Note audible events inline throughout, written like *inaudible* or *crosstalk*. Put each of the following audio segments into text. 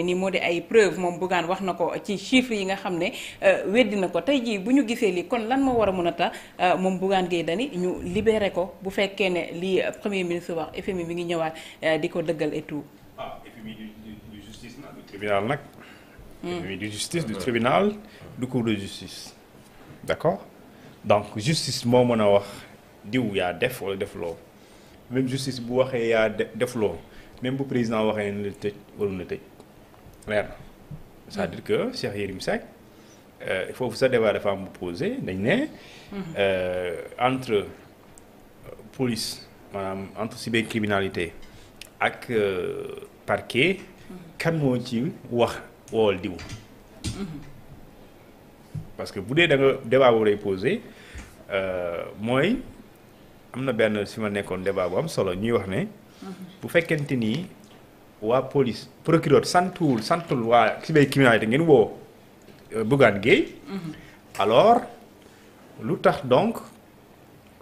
ni moo di ay preuve moom Bougane wax na ko ci chiffres yi nga xam ne euh, weddi ko tey jii bu ñu gisee lii kon lan moo war a mën a tax euh, moom Bougane Gueye Dany ñu libéré ko bu fekkee ne lii euh, premier ministre wax FMI mi ngi ñëwaat di ko dëggal et tout. ah FMI du justice nag du tribunal hmm. du justice du ah. donc justice moo mën a wax diw yaa def wala def loo même justice bu waxee yaa def loo même bu président waxee ne tëj. leer na cest dire que Cheikh Yérim Seck euh, foofu sa débat dafa am bu posé dañ ne. Euh, entre police maanaam entre cybercriminalité ak euh, parquet. kan moo ci wax wool diw. parce que bu dee da nga débat boobu lay posé mooy am na benn si ma nekkoon débat bu am solo ñuy wax ne. bu fekkente ni. waa police procureur santul santul waa cybercriminalité ngeen woo euh, Bougane Gueye mm-hmm. alors lu tax donc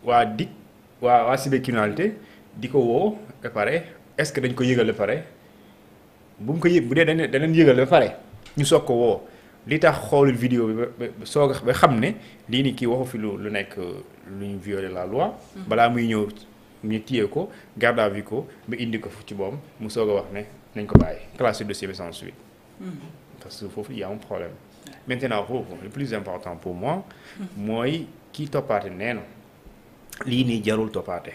waa dik waa waa cybercriminalité di ko woo ba pare est-ce que dañ ko yëgal ba pare bu mu ko yëg bu dee dañ dañ leen yëgal ba pare ñu soog ko woo li tax xoolul vidéo bi ba soo ba xam ne lii ni kii waxu fi lu lu nekk euh, lu ñu violer la loi mm-hmm. balaa muy ñëw ñu tiye ko garde à ko ba indi ko fu ci boom mu soog a wax ne nañ ko bàyyi classé dossier bi sans suite. Mm-hmm. parce que foofu y a problème. maintenant foofu le plus important pour moi. Mm-hmm. mooy kiy toppaate nee na. lii nii jarul toppaate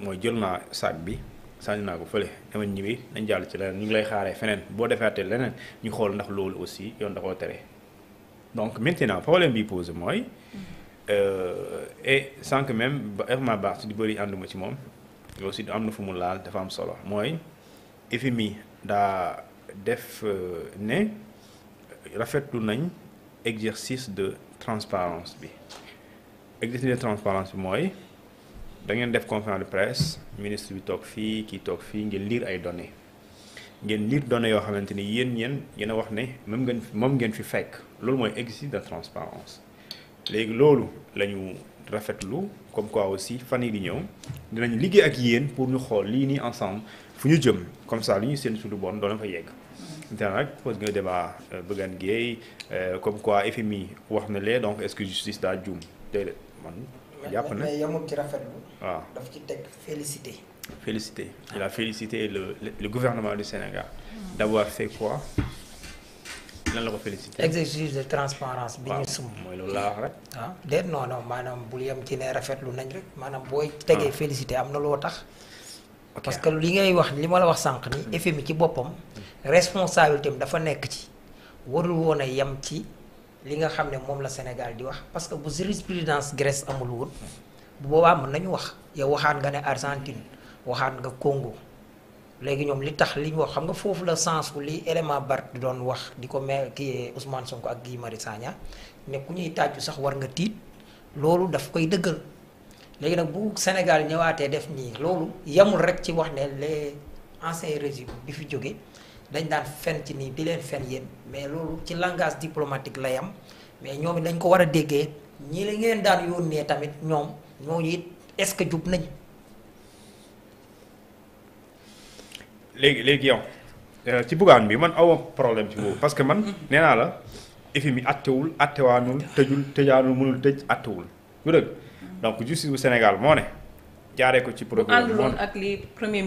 mooy jël naa sac bi sànni naa ko fële dama ñibbi nañ jàll ci leneen ñu ngi lay xaaree feneen boo defaatee leneen ñu xool ndax loolu aussi yoon da koo tere donc maintenant problème bi posé mooy. Mm-hmm. Euh, et sans que même ba Herma Barth di bëri ànduma ci moom aussi am na fu mu laal dafa am solo mooy FMI daa def euh, ne rafetlu nañ exercice de transparence bi exercice de transparence bi mooy da ngeen def conférence de presse ministre bi toog fii kii toog fii ngeen liir ay données ngeen liir données yoo xamante ni yéen yéen yéen a wax ne même ngeen moom ngeen fi fekk loolu mooy exercice de transparence léegi loolu lañu rafetlu comme quoi aussi fan yii di ñëw dinañ liggéey ak yéen pour ñu xool lii nii ensemble fu ñu jëm comme ça li ñuy seen suñu bon doon fa yegg. dana nag pose nga débat euh, Bougane Gueye euh, comme quoi FMI wax na lee donc est-ce que justice daa juum déedéet man. jàpp na yamul ci rafetlu. waaw ah. daf ci teg félicité. félicité il a félicité le le gouvernement du Sénégal. d'avoir fait quoi. lan la ko félicité. exercice de transparence bi ñu sumb. mooy loolu laa wax rek. ah déet non maanaam bul yem ci ne rafetlu nañ rek maanaam booy. tegee ah. félicité am na loo tax. parce que li ngay wax li ma la wax sànq ni FMI ci boppam. Hmm. responsabilité am dafa nekk ci. warul woon a yem ci li nga xam ne moom la Sénégal di wax parce que bu jurisprudence Grèce amul woon. bu boobaa mën nañu wax yow waxaat nga ne Argentine waxaat nga Congo. léegi ñoom li tax li ñu wax xam nga foofu la sens fu li élément Bart doon wax di ko me kii Ousmane Sonko ak gii Marius Sagna ne ku ñuy tàjju sax war nga tiit loolu daf koy dëggal léegi nag bu Sénégal ñëwaatee def nii loolu yamul rek ci wax ne les ancien régime bi fi jóge dañ daan fen ci nii di leen fen yéen mais loolu ci langage diplomatique la yam mais ñoom dañ ko war a déggee ñi li ngeen daan yónnee tamit ñoom ñooñu it est-ce que jub nañ léegi léegi yow euh, ci bugaan bi man aw problème ci boobu parce que man nee naa la effet mi attewul attewaanul tëjul tëjaanul mënul tëj attewul lu dëgg donc justice bu Sénégal moo ne jaaree ko ci procureur bu ànduloon ak li premier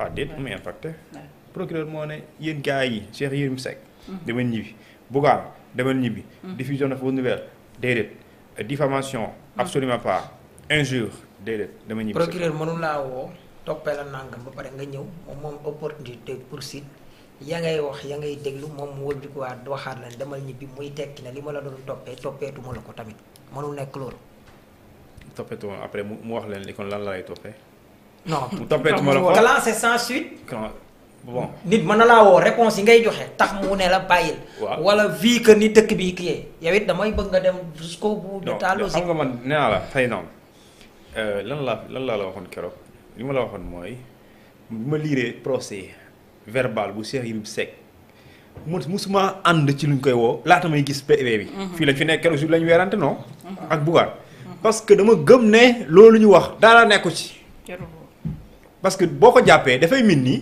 ah, moo ne yéen gars yi Cheikh Yérim Seck. Mm-hmm. demal ñibbi Bougane demal ñibbi. Mm-hmm. diffusion de fausses nouvelles déedéet euh, diffamation mm-hmm. absolument pas injure déedéet demal ñibbi. procureur mënul woo. toppee la nàngam ba pare nga ñëw moom moom opportunité pour si yaa ngay wax yaa ngay déglu moom mu wëlbikuwaat waxaat la demal ñibbi muy tekki na li ma la doon toppee toppeetu ma la ko tamit mënul nekk loolu. toppeetu après mu wax leen li kon lan lay toppee. non mu toppeetu ma la ko classé sans suite. nit mën na laa woo réponse yi ngay joxe tax mu ne la waaw wala vie que ni dëkk bi kii yow it damay bëgg nga dem jusqu'au bout de ta xam nga man nee naa la xëy na euh, lan la lan laa la waxoon keroog. li ma la waxoon mooy bi ma liiree procès verbal bu Cheikh Yérim Seck mu musuma ànd ci luñ koy woo laata may gis PV e bi. Mhm. fii lañ fi nekk keroog jour lañ weerante non. ak Bougane parce que dama gëm ne loolu ñu wax dara nekku ci. parce que boo ko jàppee dafay min ni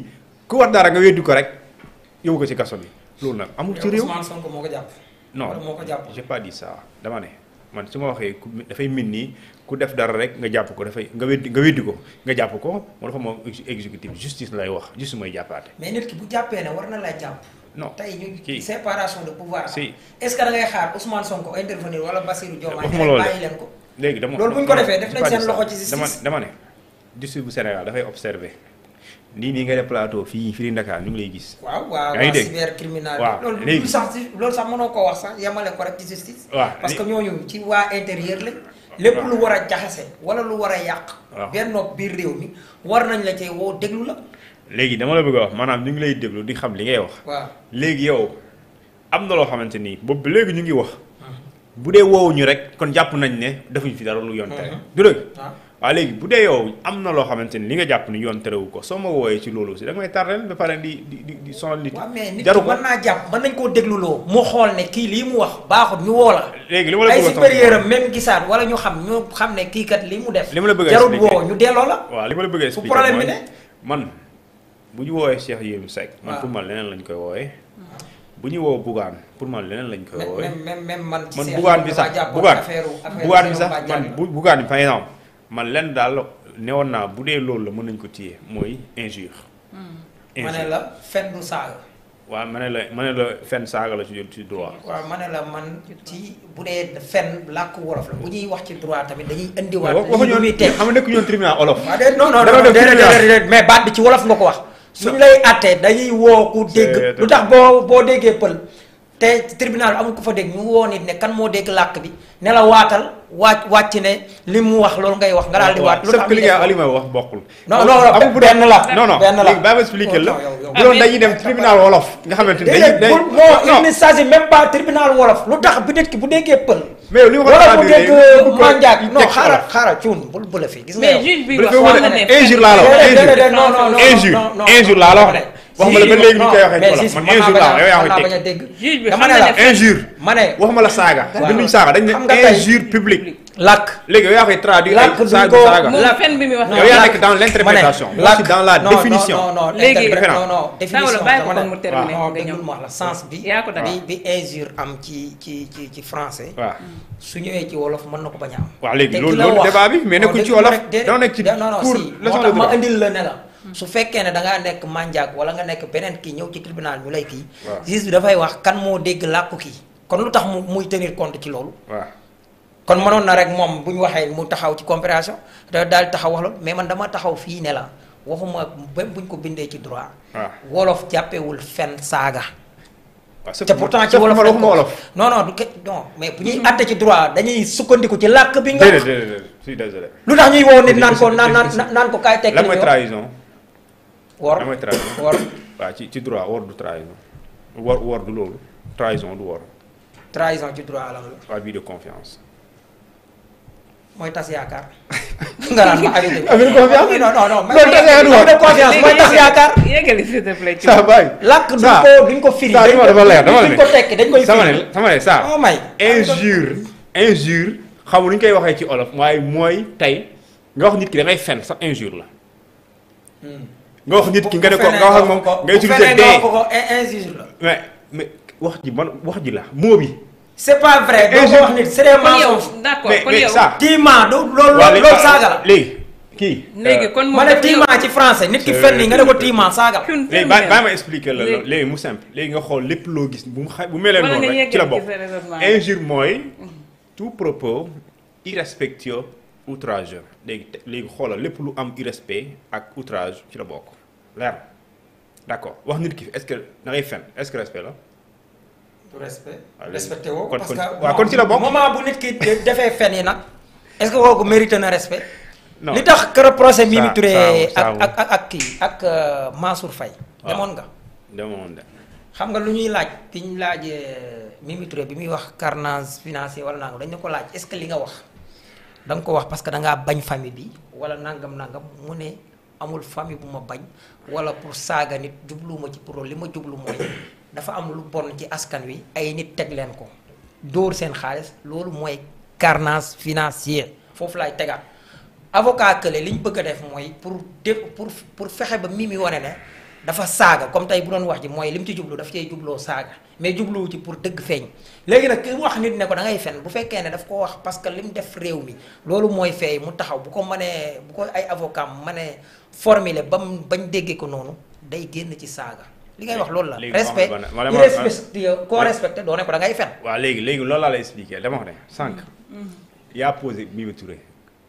ku wax dara nga weddi ko rek yóbbu ko ci kaso bi loolu nag. amul ci réew Ousmane Sonko moo ko jàpp. non moo ko jàpp j'ai dama ne. man su ma waxee ku dafay min nii ku def dara rek nga jàpp ko dafay nga weddi nga weddi ko nga jàpp ko moo dafa moom exécutif justice lay wax juste mooy jàppaate. mais nit ki bu jàppee na war na laa jàpp. non tey ñu séparation de pouvoir. si est-ce que da ngay xaar Ousmane Sonko intervenir wala Bassirou Diomaye. waxuma loolu bàyyi leen ko. léegi dama loolu bu ñu ko defee def nañ seen loxo ci justice. dama dama ne justice bu Sénégal dafay observer. lii nii nga def plateau fii fii Ndakaar ñu ngi lay gis. waaw waaw waa cybercriminalité. léegi loolu sax loolu sax mënoo ko wax sax yemale ko rek ci justice. waa parce que ñooñu ci waa intérieur la. lépp lu war a jaxase wala lu war a yàq. waaw benn nopp biir réew mi war nañ la cee woo déglu la. léegi dama la bëgg a wax maanaam ñu ngi lay déglu di xam li ngay wax. waaw léegi yow am na loo xamante ni boobu léegi ñu ngi wax. bu dee woowuñu rek kon jàpp nañ ne defuñ fi dara lu yoon waaw léegi bu dee yow am na loo xamante ni li nga jàpp ni yoon terewu ko soo ma wooyee ci loolu aussi da nga may tardel ba pare di di di sonal nit yi jaru ko mën naa jàpp mën nañ koo dégluloo mu xool ne kii lii mu wax baaxut ñu woo la léegi li ma la bëgg a ay gisaat wala ñu xam ñu xam ne kii kat li mu def li ma la bëgg jarut woo ñu delloo la waaw li ma la bëgg man bu ñu woowee Cheikh Yérim Seck man pour man leneen lañ koy wooyee bu ñu woo Bougane pour man leneen lañ koy woowee man Bougane bi sax Bougane Bougane bi sax man buggaan bi par exemple man lenn daal newoon naa bu dee loolu la mën nañ ko téye mooy injure. Hmm. injure la fen du saaga. waaw ma ne la ma ne la fen saaga la ci ci droit. waaw ma ne la man ci bu dee fen làkk wolof la bu ñuy wax ci droit tamit dañuy indiwaat. dañuy muy teg xam nga nekk ñoon tribunal olof. non non mais baat bi ci wolof nga ko wax. suñu lay attee dañuy woo ku dégg. lu tax boo boo déggee pël. te tribunal amul ko fa dégg ñu woo nit ne kan moo dégg làkk bi ne la waatal. wàcc wàcc ne li mu wax loolu ngay wax nga daal di waat. lu tax li nga wax bokkul. non non benn la non non léegi ba ma expliqué la. bu doon dañuy dem tribunal wolof. nga xamante ni dañuy day non il ne s'agit même pas tribunal wolof. lu tax bu nit ki bu déggee pël. mais li ma ko wala bu dégg manjaak non xaaral xaaral cuun bul bu la gis nga yow. mais juge bi wax wax na ne wax ma la ba léegi ñu koy waxee ci wolof man injure laa yow yaa koy teg dama ne la injure ma ne wax ma la saaga binduñ saaga dañ ne injure publique làkk léegi yow yaa koy traduire ay saaga saaga yow yaa nekk dans l'interprétation dans la définition léegi non non définition dama ne non wax la sens bi bi bi injure am ci ci ci ci français waaw su ñëwee ci wolof mën na ko bañ a am waaw léegi loolu loolu débat bi mais nekkuñ ci wolof doo nekk ci cours leçon de droit ma indil la ne la su fekkee ne da nekk manjaak wala nga nekk beneen kii ñëw ci tribunal ñu lay kii. juge bi dafay wax kan moo dégg làkku kii kon lu tax mu muy tenir compte ci loolu. kon mënoon na rek moom bu ñu waxee mu taxaw ci compréhension daal taxaw wax mais man dama taxaw fii ne la waxuma ba buñ ko bindee ci droit. wolof jàppewul fen saaga. te pourtant ci wolof la wolof. non non du ke non mais bu ñuy àtte ci droit dañuy sukkandiku ci làkk bi. nga wax lu tax ñuy woo nit naan ko naan naan ko kaay tekki. wor amay trahison wor waaw ci ci droit wor du trahison wor wor du loolu trahison du wor. trahison ci droit la wala. abus de confiance. mooy tas yaakaar. *laughs* nga naan ma abus de confiance non non non. loolu tas yaakaar abus de confiance mooy tas yaakaar. yéegali s'il te plaît. saa baay làkk duñ ko duñ ko firi. saa dama leer dama leer duñ ko tekki dañ koy firi. sama ne sama ne saa. oh may injure injure xamul ñu koy waxee ci olof waaye mooy tey nga wax nit ki da ngay fen sax injure la. Hmm. nga wax nit ki nga ne ko nga wax ak moom nga utiliser dee mais mais wax ji man wax ji la moo bi. c'est pas vrai. doo ko wax nit c'est des mensonges. d'accord kon yow tiimaa loolu loolu saaga la léegi kii. léegi kon ma ne tiimaa ci français nit ki fenn nga ne ko tiimaa saaga la. léegi baa ma expliquer la léegi mu simple léegi nga xool lépp loo gis bu mu xa bu melee noonu rek ci la bokk injure mooy mhm. tout propos irrespectueux outrageux léegi léegi xoolal lépp lu am irrespect ak outrage ci la bokk. leer d' wax nit ki est ce que da ngay fen est ce que woo. parce que waaw kon ci la bokk moment bu nit ki defee fen yi nag est ce que kooku na respect. non li tax kër procès Mimi Touré ak ak ak ak kii ak euh, Mansour Faye demoon nga. demoon de. xam nga lu ñuy laaj bi ñu laajee euh, Mimi Touré bi muy wax kar carnage financier wala nangam dañ ne ko laaj est li nga wax da ko wax parce que da ngaa bañ famille bi wala nangam nangam mu ne. amul famille bu ma bañ wala pour saaga nit jubluwuma ci pour li ma jublu mooy dafa am lu bon ci askan wi ay nit teg leen ko dóor seen xaalis loolu mooy carnage financier foofu laay tegaat avocat kële li ñu bëgg a def mooy pour dé pour pour fexe ba mii mi wane ne dafa saaga comme tey bu doon wax ji mooy li mu ci jublu daf cey jubloo saaga mais jubluwu ci pour dëgg feeñ léegi nag ki wax nit ne ko da ngay fen bu fekkee ne daf koo wax parce que mu def réew mi loolu mooy feey mu taxaw bu ko manee bu ko ay avocat mënee formuler ba mu bañ déggee ko noonu day génn ci saaga li ngay wax loolu la respect koo respecté doo ne ko da ngay fen waaw léegi léegi loolu laa lay expliqué dama wax ne sànq yaa posé Mimi Touré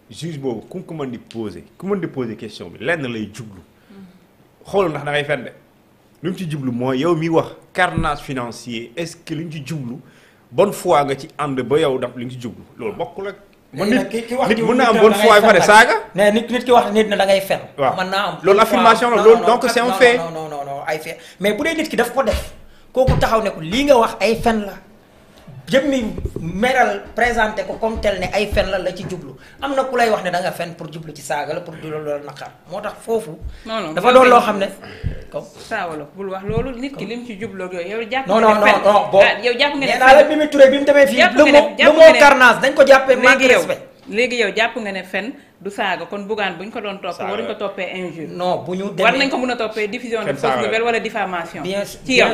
juge boobu ku mën di posé ku mën di posé question lenn lay jublu xoolul ndax da fen de lu mu ci jublu mooy yow mi wax carnage financier est-ce que li ñu ci jublu bon foi nga ci ànd ba yow daf lu ñu ci jublu loolu bokkul ak. man nit nit mën naa am bonne foi pare saaga. mais nit nit ki wax nit na dangay ngay fen. waaw am loolu affirmation la loolu donc c'est un fait. non non non ay mais bu dee nit ki daf ko def kooku taxaw ne ko lii nga wax ay fen la. jëmmi meral présenté ko comme tel ni ay fen la la ci jublu am na ku lay wax ne da nga fen pour jublu ci saaga la pour du loolu naqar moo tax foofu. dafa doon loo xam ne. comme saawalo bul wax loolu nit ki lim ci jublu ak yooyu yow. jàpp nga ne fen non boo ah, yow jàpp nga ne fen la bi mu turee bi mu demee fii. jàpp nga ne jàpp nga ne le mot le mot carnage dañ ko jàppee manque respect. léegi yow jàpp nga ne fen. du saaga kon Bougane bu ñu ko doon topp waruñu ko toppee injure. non bu ñu demee war nañ ko mën a toppee diffusion de fausse nouvelle wala diffamation. ci yow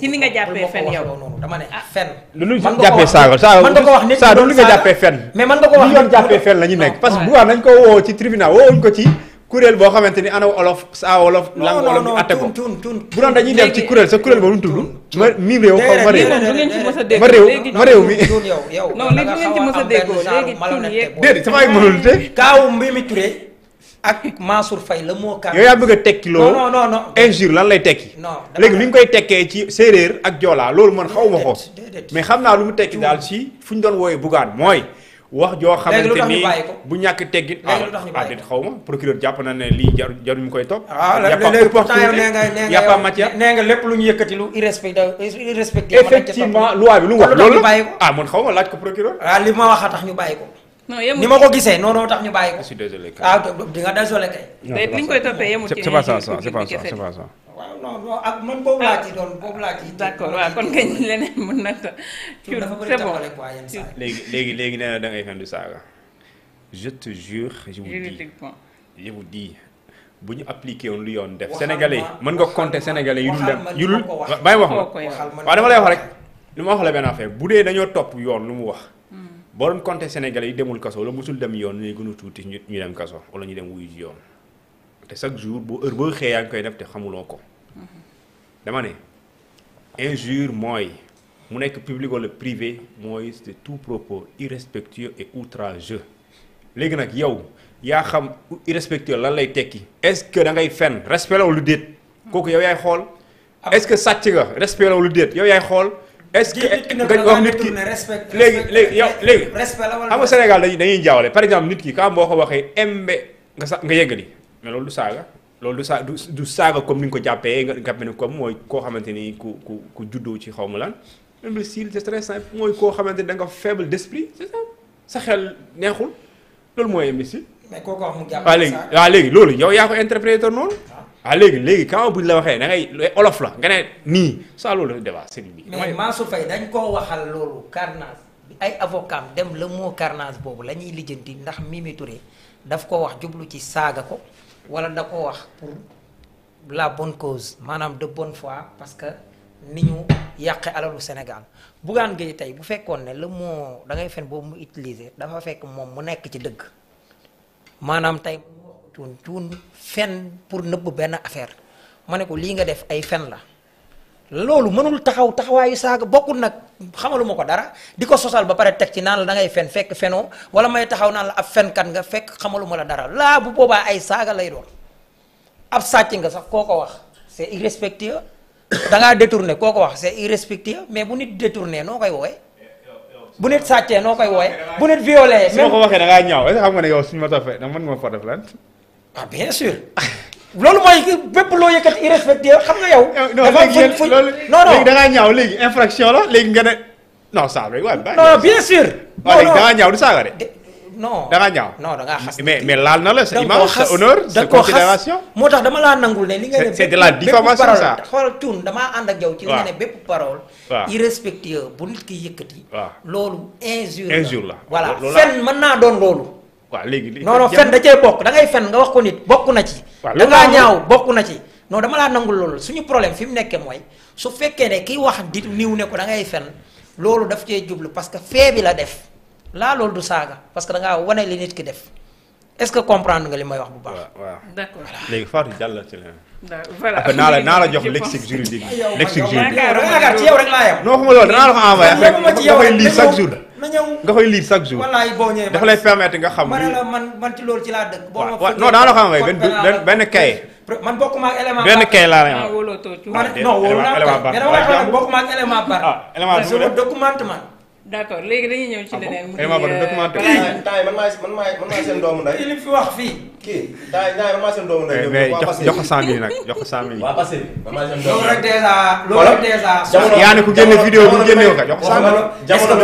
ci ni nga jàppee fen yow dama ne ah. fen. lu ñu jàppee saaga saaga mën nga ko lu nga ko jàppee fen la ñu nekk. parce que Bougane nañ ko woo ci tribunal woowuñ ko ci. kuréel boo xamante ni ana olof saa wolof. lang wolof ñu atte ko bu doon dañuy dem ci kuréel sa kuréel ba nu mu tudd. ma mi réew xaw ma réew. ma réew ma réew mi. non léegi du ngeen ci mës ak Mansour Faye la moo. yow yaa bëgg a tekki loo. non non non injure lan lay tekki. non léegi nu ñu koy tekkee ci séeréer ak joolaa loolu man xaw ma ko. mais xam naa lu mu tekki daal si fu ñu doon wooyee bugaan mooy wax joo xamante ni bu ñàkk teggin ah déet xaw ma procureur jàpp na ne lii jar jaruñu koy topp ah, y a pas matière nee nga lépp lu ñu yëkkati lu irrespect irrespecté effectivement loi bi lu mu wax loolu ah man xaw ma laaj ko procureur ah, li ma wax a tax ñu bàyyi ko non yemul ni ma ko gisee noonu tax ñu bàyyi ko. je suis désolé kay ah di nga désolé kay. ni ñu koy toppee yemul ci. c'est waaw laa ci doon boobu kon kañ leneen mën na ko. c'est bon léegi léegi léegi nee na da ngay fen du saaga. je te jure je bu ñu appliqué woon lu yoon def. sénégalais yi mën nga compter sénégalais yu dul dem yu dul bàyyi wax ma. waaw dama lay wax rek li ma wax la benn affaire bu dee dañoo topp yoon lu mu wax boo doon compté Sénégalais yi demul kaso la mosul dem yoon ñuy gën a tuuti ñu dem kaso wala ñu dem wuy ji yoon te chaque jour bu heure boo xëyee yaa koy def te xamuloo ko mm-hmm. dama ne injure mooy mu nekk public wala privé mooy c'est tout propos irrespectueux et outrageux léegi nag yow yaa xam irrespectueux lan lay tekki est-ce que da ngay fen respect la wala déet mm-hmm. kooku yow yaay xool ah. est-ce que sàcc nga respect la déet yow yaay xool est ce que nga wax nit ki léegi léegi yow léegi xam nga Sénégal dañuy dañuy jaawale par exemple nit ki kam boo ko waxee embe nga sa nga yeggali mais loolu du saaga loolu du du du saaga comme ni nga ko jàppee nga jàppe ne comme mooy koo xamante ni ku ku ku juddoo ci xaw ma lan imbécile c'est très simple mooy koo xamante ni da nga faible d'esprit c'est ça sa xel neexul loolu mooy imbécile mais kooku wax mu jàpp léegi waaw léegi loolu yow yaa ko interpréter noonu ah léegi léegi quand buñ la waxee da ngay olof la nga ne nii saa loolu dafa débat sëriñ bi. mais Mansour Faye dañ koo waxal loolu carnage bi ay avocat dem le mot carnage boobu la ñuy lijjanti ndax Mimi Touré daf ko wax jublu ci saaga ko wala da ko wax pour la bon cause maanaam de bonne fois parce que ni ñu yàqe alalu Sénégal Bougane Gueye tey bu fekkoon ne la mot dangay fen boobu mu utiliser dafa fekk moom mu nekk ci dëgg maanaam tey. cuun cuun fen pour nëbb benn affaire ma ne ko lii nga def ay fen la loolu mënul taxaw taxawaayu saaga bokkul nag xamaluma ko dara di ko sosal ba pare teg ci naan la da ngay fen fekk fenoo wala may taxaw naan la ab fenkat nga fekk xamaluma la dara laa bu boobaa ay saaga lay doon ab sàcc nga sax koo ko wax c'est irrespectueux da ngaa détourné koo ko wax c'est irrespectueux mais bu nit détourné noo koy woowee bu nit sàccee noo koy wooye bu nit violé. même su ko waxee da ngaa ñaaw xam nga ma toppee nag mën nga ma fa ah bien sûr. *laughs* loolu mooy bépp loo yëkkati irrespecté xam nga yow. Eh, dafa fuñ non léegi da ngaa léegi infraction la léegi nga ne. non saa rek waaye. non bien sûr. non léegi da ngaa da ngaa ñaaw. non mais mais laal na la sa image moo tax dama laa nangul ne li nga ne. c'est de la diffamation ça damaa ànd ak yow. ci li nga ne bépp parole. waaw irrespectueux bu nit ki yëkkati. loolu injure la injure la. voilà fen man naa doon loolu. waaw léegi non non fen da cee bokk dangay fen nga wax ko nit bokk na ci waa ngaa ñaaw bokk na ci non dama laa nangu loolu suñu problème fi mu nekkee mooy su fekkee ne kiy wax di niw ne ko da ngay fen loolu daf cee jublu parce que fee bi la def laa loolu du saaga parce que da ngaa wane li nit ki def est-ce que comprendre nga li may wax bu baax. waaw d'accord léegi Fatou jàll ci la. voilà après naa la *laughs* naa la jox lexique juridique. lexique juridique yow rek laa yem. non xuma loolu danaa la ko envoyé. dafay lii chaque jour. na ñëw nga koy lire chaque jour. boo ñëwee dafa lay permettre nga xam. ma ne man man ci loolu ci laa dëkk. boo ma non daa la xam nga benn benn kaye. man bokkuma ak élément. benn laa ah, lay non wóolu naa ko mais dama la bokkuma ak élément bar. ah élément bi sama document man. d'accord léegi dañuy ñëw ci ah, leneen. mu élément bar euh, documenté. taay man maay man maay man maay seen doomu ndey. kii li fi wax fii. kii taay taay man eh, jox jox ko nag jox ko cent loolu rek déjà loolu rek déjà. yaa ne ku génne vidéo bu génne ko jox ko cent